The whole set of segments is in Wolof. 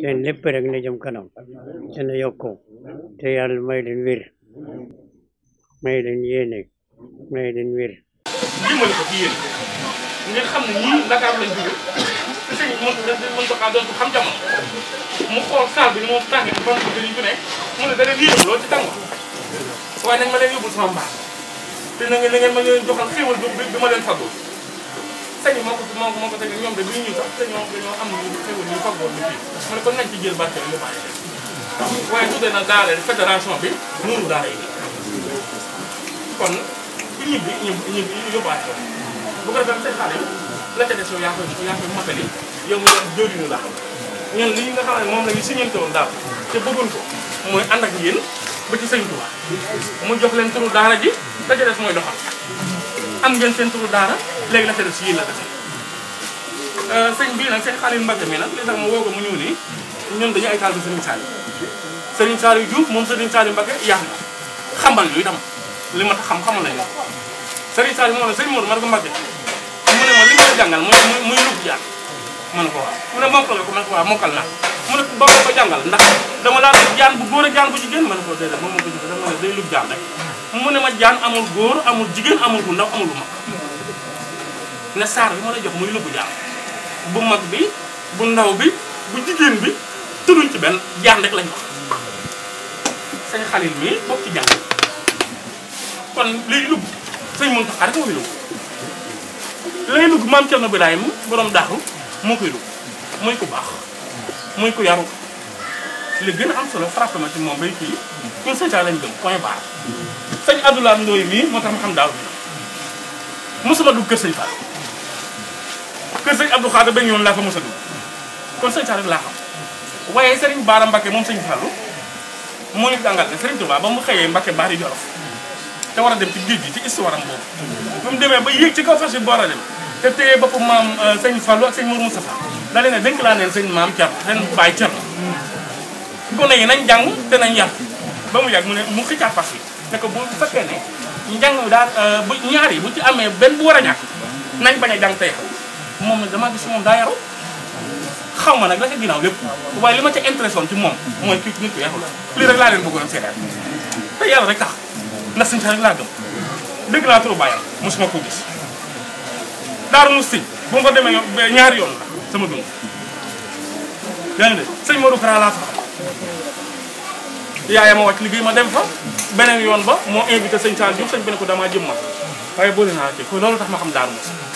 seen lépp rek na jëm kanam dana yokku te yàlla may leen wér may leen yéene may leen wér jëmale ko ci yéen xam ne ñii Dakar lañ jóge te sëñ mën mën xam jamono mu xool saal bi moom tànk bi ban bëgg ñu fi nekk mu ne da leen yéem loolu ci tàngoor waaye nañ ma leen yóbbul sama bi ma leen sëñ bi moo ko moo moo ko teg ñoom de duñu ñu sax dañoo dañoo am lu xewal ñu faggoon bi fii mu ne kon nañ ci jël barke ñu bàyyi leen waaye tuddee na daara fédération bi muuru daara yi kon ku ñib bi ñu ñu yóbbaale ko bu ko defee say xale yi la ca des yow yaa koy yaa koy matali yow mu doon jóorinu la ñun li nga xam ne moom la ñu siñante woon daal te bëgguñ ko mooy ànd ak yéen ba ci sëñ Tuubaa mu jox leen turu daara ji la ca des mooy doxal am ngeen seen turu daara léegi nag def si yéen la dese sëñ bii nag sëñ Xaalim Mbacke mi nag li tax ma woo mu ñëw nii ñun dañu ay taal bi Serigne Saliou Serigne Saliou Diouf moom Serigne Saliou Mbacke yàq na xamal ñu li ma tax xam xamal nañu Serigne Saliou moo ne Serigne Modou ma Mbacke mu ne ma li ma jàngal muy muy lub jaar ma ko mu ne mokkal ko ko mu ne ko ndax dama jaan bu jaan bu ko ko dama day rek mu ne ma jaan amul amul amul ndaw amul ne sar bi ma lay jox muy lubu jam bu mag bi bu ndaw bi bu jigen bi tudduñ ci ben jam rek lañ wax sëñ khalil mi bok ci jam kon liy lëbu sëñ Muntaxa rek mooy lubu lay lëbu maam Cerno ibrahim borom daxu mo koy lubu muy ku bax muy ku yaru le gën am solo frappe ma ci mom bay ki ko ñun ta lañ dem point barre sëñ abdoulah Ndoye mi moo tax xam daaw musuma du dugg kër sëñ Fall kër sëñ Abdou Khadre benn yoon laa fa mos a dugg kon sëñ Saaliw laa xam waaye sëriñ Baara Mbacke moom sëñ Fallou moo ñu jàngal ne sëriñ Touba ba mu xëyee Mbacke Baari Jolof te war a dem ci géej gi ci histoire am boobu ba mu demee ba yéeg ci kaw fas yi boor a dem te téye bopp maam euh, sëñ Fallou ak sëñ Mour Moustapha daa leen ne dénk laa neen sëñ maam Thierno seen baay Thierno gone yi nañ jàng te nañ yar ba mu yàgg mu ne mu xëccaat fas yi ne ko bu fekkee ne njàng daal euh, bu ñaar yi bu ci amee benn bu war a ñàkk nañ bañ a moom damaa gis moom daa yaru xaw ma nag la ca ginnaaw lépp waaye li ma ca intéressé woon ci moom mooy kii nit ku yaru la lii rek laa leen bëggoon seetaan te yàlla rek tax ndax suñu rek laa gëm dégg naa turu bàyyam mosuma ko gis daaru musti bu ma ko demee ñaari yoon la sama dund yaa sëñ Modou Kara laa fa yaayam ma wàcc liggéey ma dem fa beneen yoon ba moo invité sëñ Sall Diouf sëñ bi ne ko damaa jëm ma waaye boole naa kii ko loolu tax ma xam daaru musti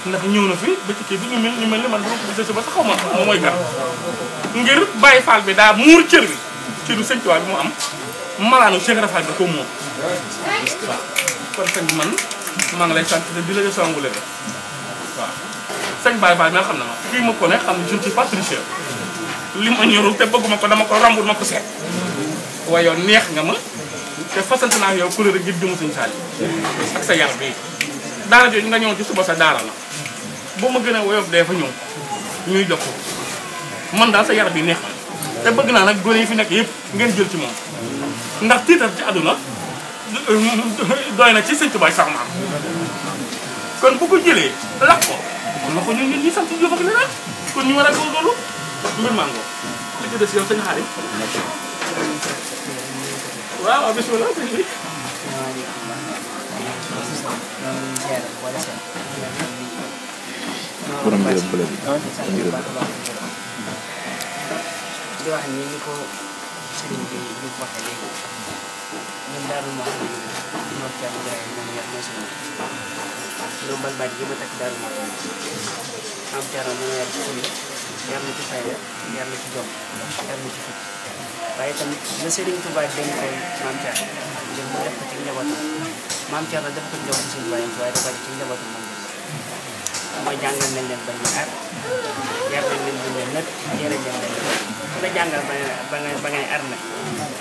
ndax ñëw na fi ba ci kii bi ñu mel ñu mel ni man borom ko gisee ba sax xaw ma moom mooy kan ngir Baye Fall bi daa muur cër bi cëru sëñ Tuubaa bi mu am malaanu Cheikh Rafal bi ko moom waaw kon sëñ bi man maa ngi lay sant te di la jox sama mbule waaw sëñ Baye Fall bi nga xam ne ma kii ma ko ne xam ne je ne suis pas ma ñorul te bëgguma ko dama ko rambul ma ko seet neex nga ma te fasante naa yow couleur gi jëmu sëñ Saliou ak sa yar bi daara jooju nga ñëwoon ci suba sa daara la bu gëna woyof dee fa ñëw ñuy jox ko man daal sa yar bi neex te bëgg na nak gone yi fi nekk yépp ngeen jël ci mom ndax titar ci aduna doyna ci señtu bay sax maam kon bu ko jëlé lakk ko kon na ko ñu ñun ñi sant Jóob ak leneen kon ñu war a góorgóorlu mbir mango ci li ci des yow sëñ xaalim waaw waaw bisimilah sëñ bi borom njëriñ bële bi njëriñ ah, la. di wax ni ni ko sëriñ bi ñu ko waxee léegi ñun daal moo xam ne Mor Thiam Ndiaye moom yor mooy suñu loolu man baaj gi ma takk daal moo xam ne am jaaroo mën a yar ci fayda yar na ci fayda yar na ci jom yar na ci fit waaye tamit la sëriñ Touba dénk koy maam Thiam ngir mu def ko ci njabootam maam Thiam dafa ko njabootu suñu waaye dafa ci njabootam moom mooy jàngal nañ leen ba ñu ar yar nañ leen buñ leen nët yéen a jëm leen ku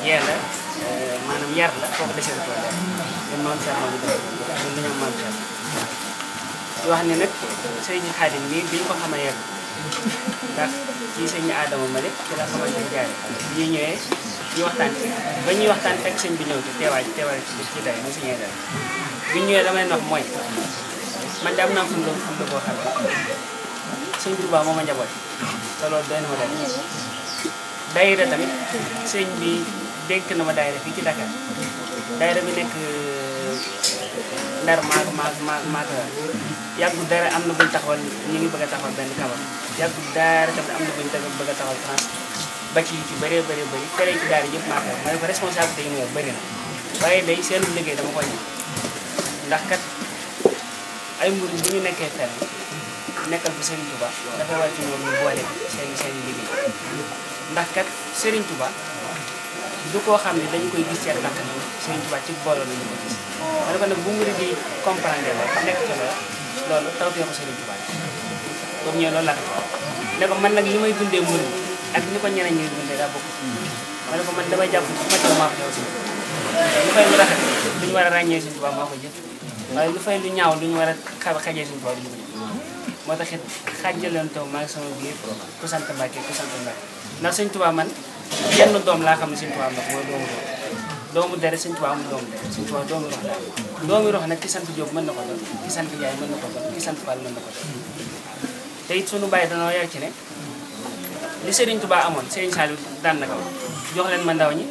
la yar la kooku desee ko leer ñun maam Cheikh moo ñu def ñun dañoo maam ada di wax ne nag sëñ Xaadim mii biñ ko xamee yàgg ndax ci sëñ Adama Malick ci la xamante ne jaay bi ñuy ñëwee ñu waxtaan man de am naa fu mu doon fu mu doon boo xam sëñ Tuubaa ma njaboot te loolu doy ma doy daayira tamit sëñ bi dénk na ma daayira fi ci Dakar daayira bi nekk ndar maag maag maag maag yàggu dara am na buñ taxawal ñu ngi bëgg a taxawal benn kabar yàggu dara tamit am na buñ taxawal bëgg a taxawal France ba ci ci bëree bëri bëri tere ci daara yëpp ko responsabilité yi na waaye day seen liggéey dama ko ñëw ndax kat ay murid bu ñu nekkee fenn nekkal fa Serigne Touba dafa war ci ñoom seen seen liggéey ndax kat Serigne Touba du koo xam ne dañu koy gis seen tànk Serigne Touba ci booloo la ñu ko gis. ma ne ko nag bu murid di comprendre loolu nekk ci loolu man nag li may dundee murid ak ni ko ñeneen ñuy dundee daa bokk ma ne ko man damay jàpp fu ma teew maa ko si ñu koy rafet duñu war a ràññee Serigne moo ko jëf waaye lu fay lu ñaaw lu ñu war a xajee suñu bopp yi ah. moo tax it xaajaleen taw maa ngi sama biir ku sant Mbàkke ku sant Mbàkke ndax Sëñ Tuubaa man jenn doom laa xam ne Sëñ Tuubaa Mbàkke mooy doomu rox doomu dere Sëñ Tuubaa amul doomu dere Sëñ Tuubaa doomu rox daal doomu rox nag ki sant Jóob mën na ko doon ki sant Njaay mën na ko doon ki sant Fall mën na ko doon te it suñu bàyyi danoo yar ci ne li Sëriñ Tuubaa amoon Sëriñ Saliou daan na ko jox leen ma ndaw ñi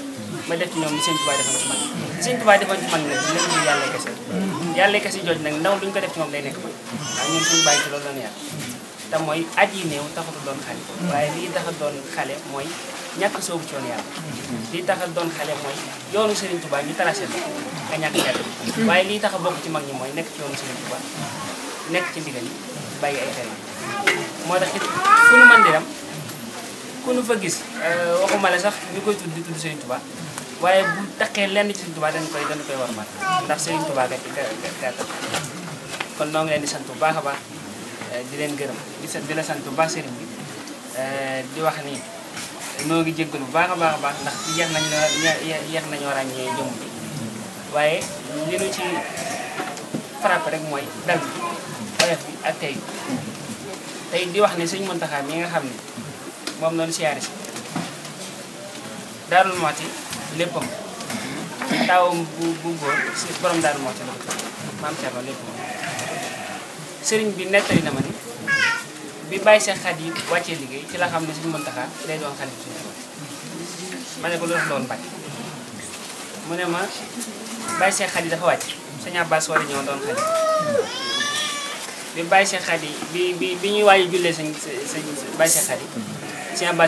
ma def ci ñoom li Sëñ Tuubaa defoon ci man Sëñ Tuubaa defoon ci man nag lépp yàlla kese yàlla kasi jooj nag ndaw luñ ko def ci moom day nekk mooy ndax ñun suñu bàyyi ci loolu la ñu te mooy at yi néew taxatu doon xale waaye lii taxa doon xale mooy ñàkk soogu ci yoon yàlla lii taxa doon xale mooy yoonu Serigne Touba ñu tracé ko nga ñàkk jàll lii taxa bokk ci mag ñi mooy nekk ci yoonu Serigne Touba nekk ci ndigal yi bàyyi ay tere moo tax it fu nu mën di dem ku nu fa gis euh, waxuma la sax ñu koy tudd di tudd Serigne Touba waaye bu takkee lenn ci Sëriñ Tuubaa dañ koy dañ koy warmal ndax Sëriñ Tuubaa kat kat kon noo ngi leen di sant bu baax a di leen gërëm eh, di sa di la sant bu baax sëriñ bi di eh, wax ni noo ngi jéggal bu baax ba baax a baax ndax yeex nañu yeex nañoo ràññee jëm bi waaye li nu ci frappé rek mooy dal bi oyof bi ak tey tey di wax ne Sëriñ Muntaxa mi nga xam ne moom noonu siyaare léppam taawam bu bu si borom daal moo ci la sëriñ bi nettali na ma ni bi bàyyi seen xat yi wàccee liggéey ci la xam ne suñu Mountakha day doon ne ko lu ne ma bàyyi seen dafa wàcc sëñ Abbas war a ñëw doon xalif bi bàyyi seen xat yi bi bi bi ñuy waaj a jullee sañ sañ bàyyi seen xat yi sëñ ñëw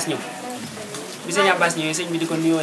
bi sëñ Abbas ñëwee sëñ bi di ko nuyoo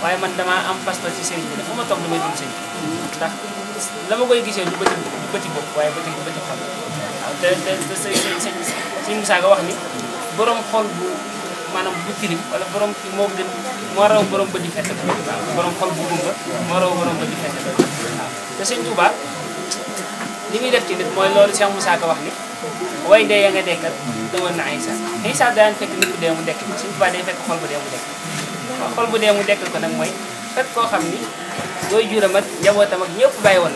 waaye man dama am pas ci sëriñ bi dama tok toog damay dund sëñ ndax lama koy gisee du bëti du bëti bok waaye bëti du bëti xam waaw te te te sëñ sëñ sëñ Moussa ga wax ni borom xol bu manam bu tilim wala borom ki mo gën mo raw borom bët di fett borom xol bu gumba mo raw borom bët di fett te sëñ Touba li ni def ci nit moy lolu Cheikh Moussa Ka wax ni way de ya nga dekkal dama na Aïssa Aïssa da nga fek ni dee mu dekk ci Touba day fek xol bu dem dekk waaw xol bu dee mu dekkal ko nag mooy fekk koo xam ni booy juram ak njabootam ak ñëpp bàyyi woon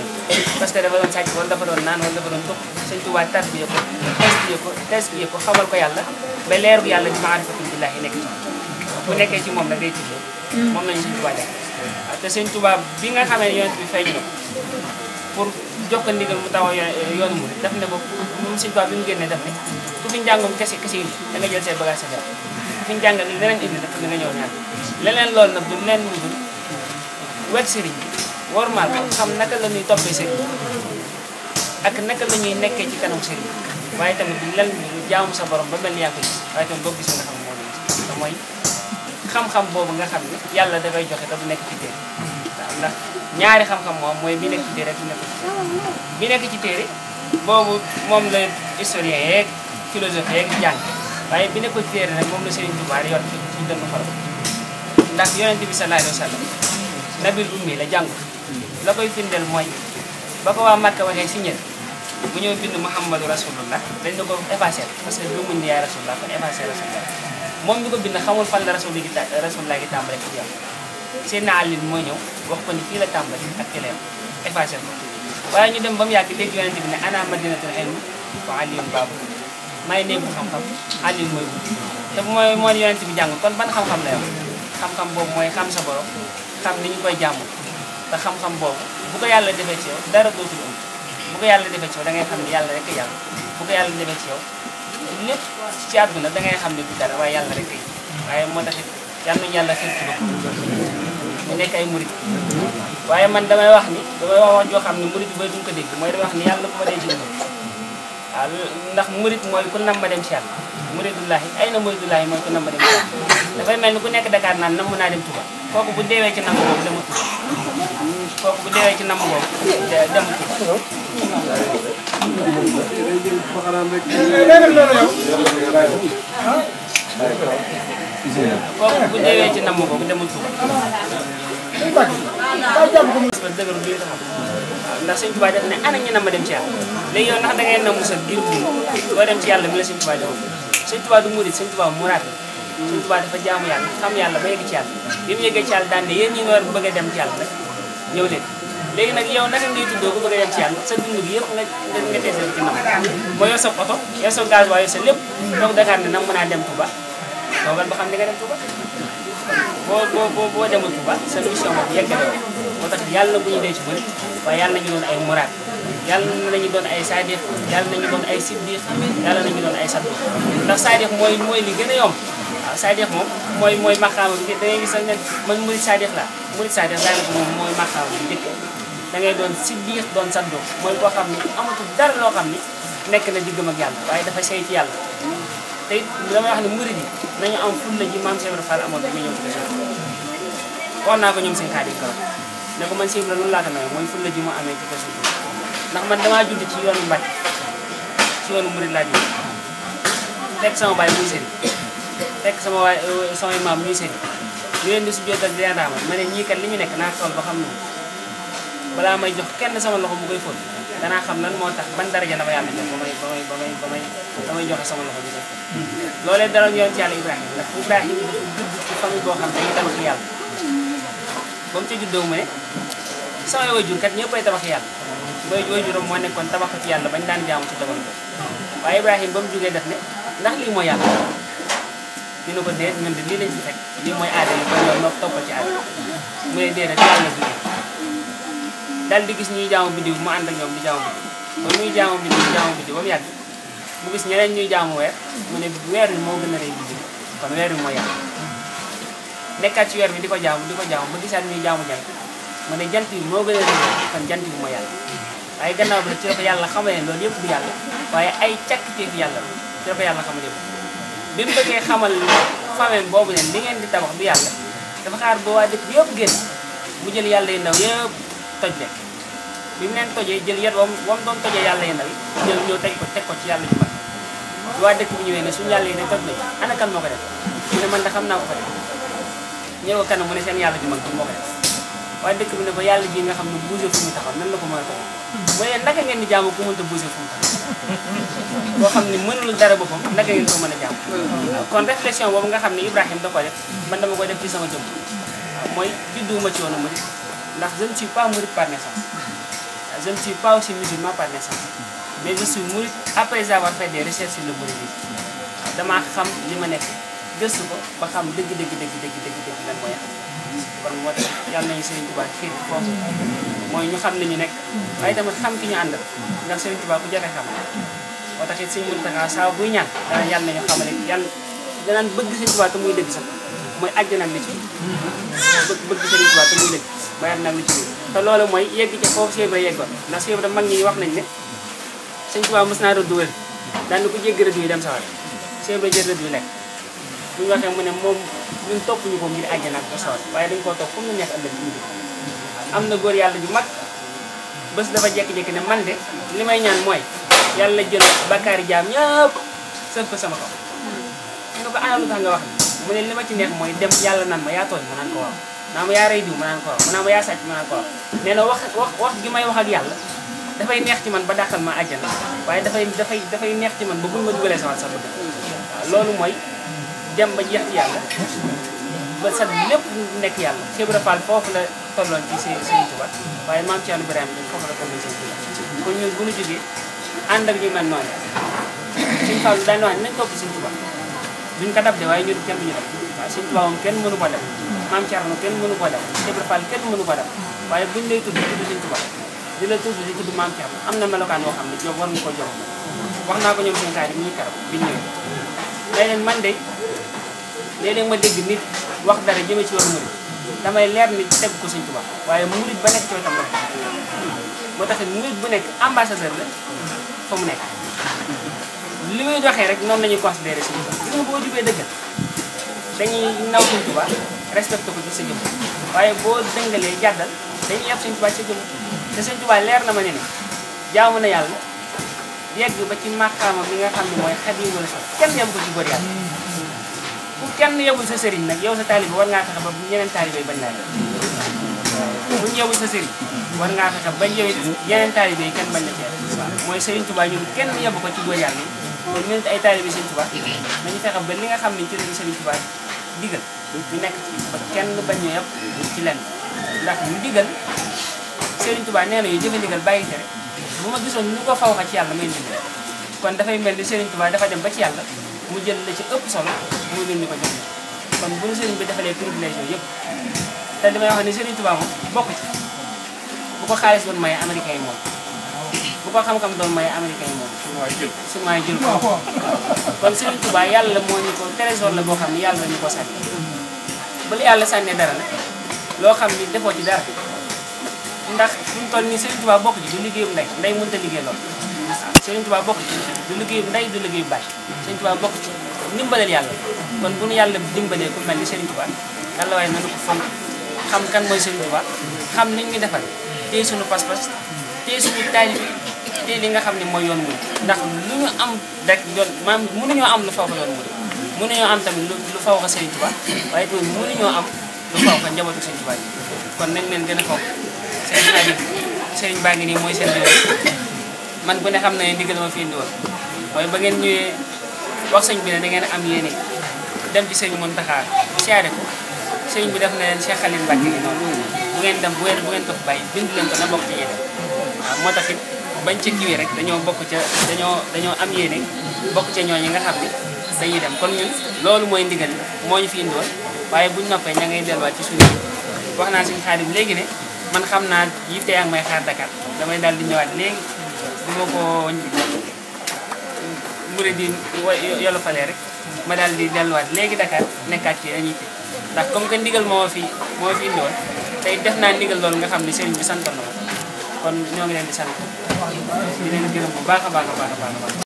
parce que dafa doon sàcc woon dafa doon naan woon dafa doon tukk sëñ Tuubaa tarbiye ko tesbiye ko tesbiye ko xamal yàlla ba leeru yàlla bi maarifatul billaahi nekk bu nekkee ci moom nag day tuddee mm. moom lañu sëñ Tuubaa def te bi nga xamee ne yonent bi feeñ na pour jox ko ndigal mu taxaw yoonu mu def ne ko moom génnee def ne tu fi njàngum kese kese yi da jël seen bagage sa fi ñu jàngal ni danañ indi dëkk bi nga ñëw ñaan leneen lool na du leen lu dul wet sëriñ bi wormaal xam naka la ñuy toppee sëriñ ak naka la ñuy nekkee ci kanam sëriñ waaye tamit du leen lu sa borom ba mel ni yàqu yi waaye tamit boo gis nga xam moo mooy xam-xam boobu nga xam ne yàlla dafay joxe te du nekk ci téere ndax ñaari xam-xam moom mooy bi nekk ci téere bi nekk ci téere bi boobu moom la historien yeeg philosophe yeeg jàng bayi bini kuti yere na mumu sini tu bari yor tu kinda nu faru. Ndak yor nanti bisa lai rosa lo. Na bil bumi la jang. La bayi finda lo moi. Bapa wa mat kawa hai sinyer. Munyo bini muhammad ura sulu la. Ben do ko e pasel. Pasel bumu ni ara sulu la ko e pasel ara sulu la. Mom do ko bini kamu fal dara sulu kita ara eh, sulu la kita amre kiyo. Sena alin moyo. Wok pun kila tamre eh, kita kile. E pasel ko. Waya nyu dem bom yakite jualan tibina ana madina tu hai mu. Ko alin babu. may néegu xam-xam àllin mooy ut te mooy mooy yonent bi jàng kon ban xam-xam la yow xam-xam boobu mooy xam sa boro xam ni ñu koy jàmm te xam-xam boobu bu ko yàlla defee ci yow dara dootul am bu ko yàlla defee ci yow da ngay xam yàlla rek yàlla bu ko yàlla ci yow lépp ci àdduna da ngay xam ne bu dara waaye yàlla rek waaye moo taxit yal nañu yàlla xel nekk ay murit waaye man damay wax ni damay wax wax joo xam ne murit bi bay duñ ko dégg mooy damay wax ni yàlla bu ma dee jënd ndax murid moy ku namba dem ci yàlla muridullahi ay na muridullahi mooy ku namba dem ci yàlla dafay melni ku nek Dakar nan namu na dem tuba kooku bu dewe ci namm bobu dem tuba kooku bu dewe ci namm bobu dem tuba kooku bu deewee ci namm boobu demul Touba dëgëru bi taxaw ndax sëñ Tuubaa def ne ana ñu na ma dem ci yàlla léegi yow ndax da ngay namm sa biir bi boo dem ci yàlla mi la sëñ Tuubaa defoon sëñ Tuubaa du murit sëñ Tuubaa muraat sëñ Tuubaa dafa jaamu yàlla xam yàlla ba yegg ci yàlla bi mu yeggee ci yàlla daan ne yéen ñi nga war bëgg a dem ci yàlla nag ñëw leen léegi nag yow naka ngay tuddoo ku bëgg a dem ci yàlla sa dund gi yëpp nga nga teesal ci nam mooy yow sa oto yow sa gaz waaye sa lépp toog Dakar ne nag mën naa dem Touba toogal ba xam ne nga dem Touba boo boo boo demul Touba sa mission moom yeggale moo tax yàlla bu ñu dee ci bëri waaye yàlla nañu doon ay muraad yàlla nañu doon ay saadiq yàlla nañu doon ay siddiq yàlla nañu doon ay saddiq ndax saadiq mooy mooy li gën a yomb waaw saadiq moom mooy mooy maqaama da ngay gis man murid saadiq la murid saadiq daanaka moom mooy maqaama bi njëkk da ngay doon siddiq doon saddiq mooy koo xam ne amatul dara loo xam ne nekk na diggam ak yàlla waaye dafa sey yàlla te it damay wax ne murid yi nañu am fulla ji maam Cheikh Ibra Fall amoon bi mu ñëw wax naa ko ñoom seen kaadi kaw ne ko man Cheikh Ibrahima loolu laa ko nawee mooy fulla ji ma amee ci fas ndax man damaa judd ci yoonu Mbacke ci yoonu Mouride laa judd fekk sama baay muy seen fekk sama waay euh, samay maam ñuy seen ñu leen di su jot ak di yaadaama ma ne ñii kat li ñu nekk naa xool ba xam ne balaa may jox kenn sama loxo mu koy fóot danaa xam lan moo tax ban daraja dama yàlla jox ba may ba may ba may ba may damay joxe sama loxo bi def hmm. loolee dara yoon ci yàlla Ibrahima ndax Ibrahima dafa judd ci famille boo xam ne dañuy dal ci yàlla bam ci juddoo mu ne samay wayjur kat ñepp ay tabax yàlla bay mo ne kon tabax tabaxati yalla bañ daan jaamu ci jamono waaye ibrahima ba mu jógee def ne ndax li mo yalla ñu ne ko déet ñun de lii lañ ci tek li moy aade ba ñoo noo topp ci aade mu ne déet rek yalla jógee dal di gis ñuy jaamu biddiw mu and ak ñom di jaamu ba muy jaamu biddiw di jaamu biddiw ba mu yàgg mu gis ñeneen ñuy jaamu wër mu ne wër wi moo gën a rëy biddiw kon wër mo mooy nekkaat ci weer bi di ko jaamu di ko jaamu ba gisaat ñuy jaamu jant mu ne jant bi moo gën a réer kon jant bi moo yàlla waaye gannaaw bi nag ci la ko yàlla loolu yëpp du yàlla waaye ay càkkitéef yàlla ci la ko yàlla xamal yëpp mu bëggee xamal famille boobu ne li ngeen di tabax du yàlla dafa xaar ba waa dëkk jël yàlla yu ndaw yëpp toj lekk bi mu jël yet wam yàlla yu ndaw yi jël ko teg ci yàlla ju ñëwee ne suñu yàlla yi ne toj nañ ana kan moo ko def mu ne man da xam naa ko def ñëw a kanam seen yàlla ju mag bi moo ko def waaye dëkk bi ne ko yàlla ji nga xam ne bougé fu mu taxaw nan la ko mën a taxaw mooy yéen naka ngeen di jaamu ku mënta bougé fu mu taxaw boo xam ne dara boppam naka ngeen ko mën a jaamu kon réflexion boobu nga xam ne Ibrahima da ko def man dama koy def ci sama jëm mooy judduwuma ci woon a murid ndax je ne suis pas mouride par naissance je ne suis pas mais je suis mouride après avoir fait des recherches sur le mouridisme damaa xam li ma nekk gëstu ko ba xam dëgg dëgg dëgg dëgg dëgg lan mooy kon moo tax yàlla Serigne Touba xiir foofu mooy ñu xam ne ñu nekk waaye xam ki ñu àndal ndax Serigne Touba ku jafe xam moo tax Serigne Mountakha saa buy ñaan dana yàlla nañu xamale yàlla danaan bëgg Serigne Touba te muy dëgg sax mooy àjjana li ci bëgg bëgg Serigne Touba te muy dëgg mooy àjjana li ci te loolu mooy yegg ci foofu Cheikh Ibra yeggoon ndax Cheikh Ibra mag ñi wax nañ ne Serigne Touba ko dem ñu yang mu untuk punya ñun aja ko ngir àjjana ak sawar waaye dañ koo topp nekk am nañ indi am na ju mag bés dafa jékki-jékki ne man de ñaan sama kau. ñu ko ana lu nga wax mu ne mui dem yàlla nan ma yaa tooñ ma ko waaw naa ma yaa rey ko waaw ma naa ma yaa ma ko waaw nee wax wax wax gi may wax ak neex ci sama sa bëgg dem ba jeex yàlla ba sa lépp nekk yàlla Cheikh Ibra Fall foofu la tolloon ci seen seen tubaab waaye maam Cheikh Ibrahima bi foofu la tolloon seen tubaab kon ñun ñu jógee ànd ak ñu mel noonu suñu Fall daan ko dab de waaye ñun kenn duñu dab waaw seen mënu ko dab maam Thierno kenn mënu ko dab Cheikh Ibra Fall ko dab waaye buñ lay di la tudd di tudd maam Thierno am na melokaan yoo xam ne jox war nga ko jox wax naa ko ñoom seen taay bi ñuy karab bi ñëwee man de léeg ma dégg nit wax dara jëme ci yoonu murid damay leer ni teg ko sëñ Tuubaa waaye murid ba nekk ci wetam la moo tax murid bu nekk ambassadeur la fa mu nekk li muy doxee rek noonu la ñuy considéré sëñ Tuubaa gis nga boo jubee dëggal dañuy naw sëñ Tuubaa respecté ko ci sa jëm waaye boo dëngalee jàddal dañuy yab sëñ Tuubaa sa jëm te sëñ Tuubaa leer na ma ne ni jaamu na yàlla yegg ba ci màqaama bi nga xam ne mooy xat yi wala kenn yam ko ci góor yàlla kenn yebul sa sëriñ nag yow sa taalibe war ngaa fexe ba ñeneen taalibe bañ laa yeb bu ñu yebul sa sëriñ war ngaa fexe bañ yow yeneen taalibe yi kenn bañ la teel mooy Sëriñ Tuubaa ñun kenn yebu ko ci góor yàlla yi kon ñun ay fexe ba li nga xam ne ci lañu Sëriñ Tuubaa digal ñu nekk ci kenn bañ ñu yeb ci lenn ndax ñu digal Sëriñ Tuubaa nee na yu jëfe ndigal bàyyi tere bu ma ko faw ci yàlla may kon dafay mel ni Sëriñ Tuubaa dafa dem ba ci yàlla mu jël la ci ëpp solo mu yónni ko jox kon bu ñu sëriñ bi defalee privilège yooyu yëpp te li may wax ni sëriñ Tuubaa moom bokk ci bu ko xaalis doon maye américain yi moom bu ko xam-xam doon maye américain yi moom sumaay jël ko kon sëriñ Tuubaa yàlla moo ñu ko trésor la boo xam ne yàlla ñu ko sànni bu la yàlla sànnee dara la loo xam ni defoo ci dara ndax fu mu toll ni sëriñ Tuubaa bokk ci du liggéeyum ndey ndey mënut a liggéey lool Sëriñ Tuubaa bokk ci du liggéey ndey du liggéey bàyyi Sëriñ Tuubaa bokk ci ndimbaleel yàlla kon bu nu yàlla dimbalee ku mel ni Sëriñ Tuubaa yàlla waaye nanu ko fonk xam kan mooy Sëriñ Tuubaa xam niñ ñu defal tey suñu pas-pas tey suñu taalib tey li nga xam ne mooy yoon mu ndax lu ñu am rek yoon maam mënuñoo am lu faw ko yoon mu mënuñoo am tamit lu faw ko Sëriñ Tuubaa waaye tamit mënuñoo am lu faw ko njabootu Sëriñ Tuubaa kon nañ leen gën a fonk sëriñ Aliou baa ngi mooy seen man bu ne xam na ne ndigal ma fi indiwoon mooy ba ngeen ñëwee wax sëñ bi ne da ngeen am yéene dem ci sëñ Mountakha siyaare ko sëñ bi def na leen Cheikh Khalil Mbacke gi noonu bu ngeen dem bu ngeen bu ngeen bàyyi bind leen ko na bokk moo tax it bañ ca kiwi rek dañoo bokk ca dañoo dañoo am yéene bokk ca ñooñu nga xam ne dañuy dem kon ñun loolu mooy ndigal moo ñu fi indiwoon waaye buñ noppee ña ngay delluwaat ci suñu wax naa suñu xaalis léegi ne man xam naa yitte yaa ngi may xaar Dakar damay daal di ñëwaat léegi bi ma ko mbure di yolu rek ma daal di delluwaat léegi Dakar nekkaat ci añi fi ndax comme que ndigal moo fi moo fi indiwoon tey def naa ndigal loolu nga xam ne seen bi santa na kon ñoo ngi leen di sant di leen gërëm bu baax a baax a baax a baax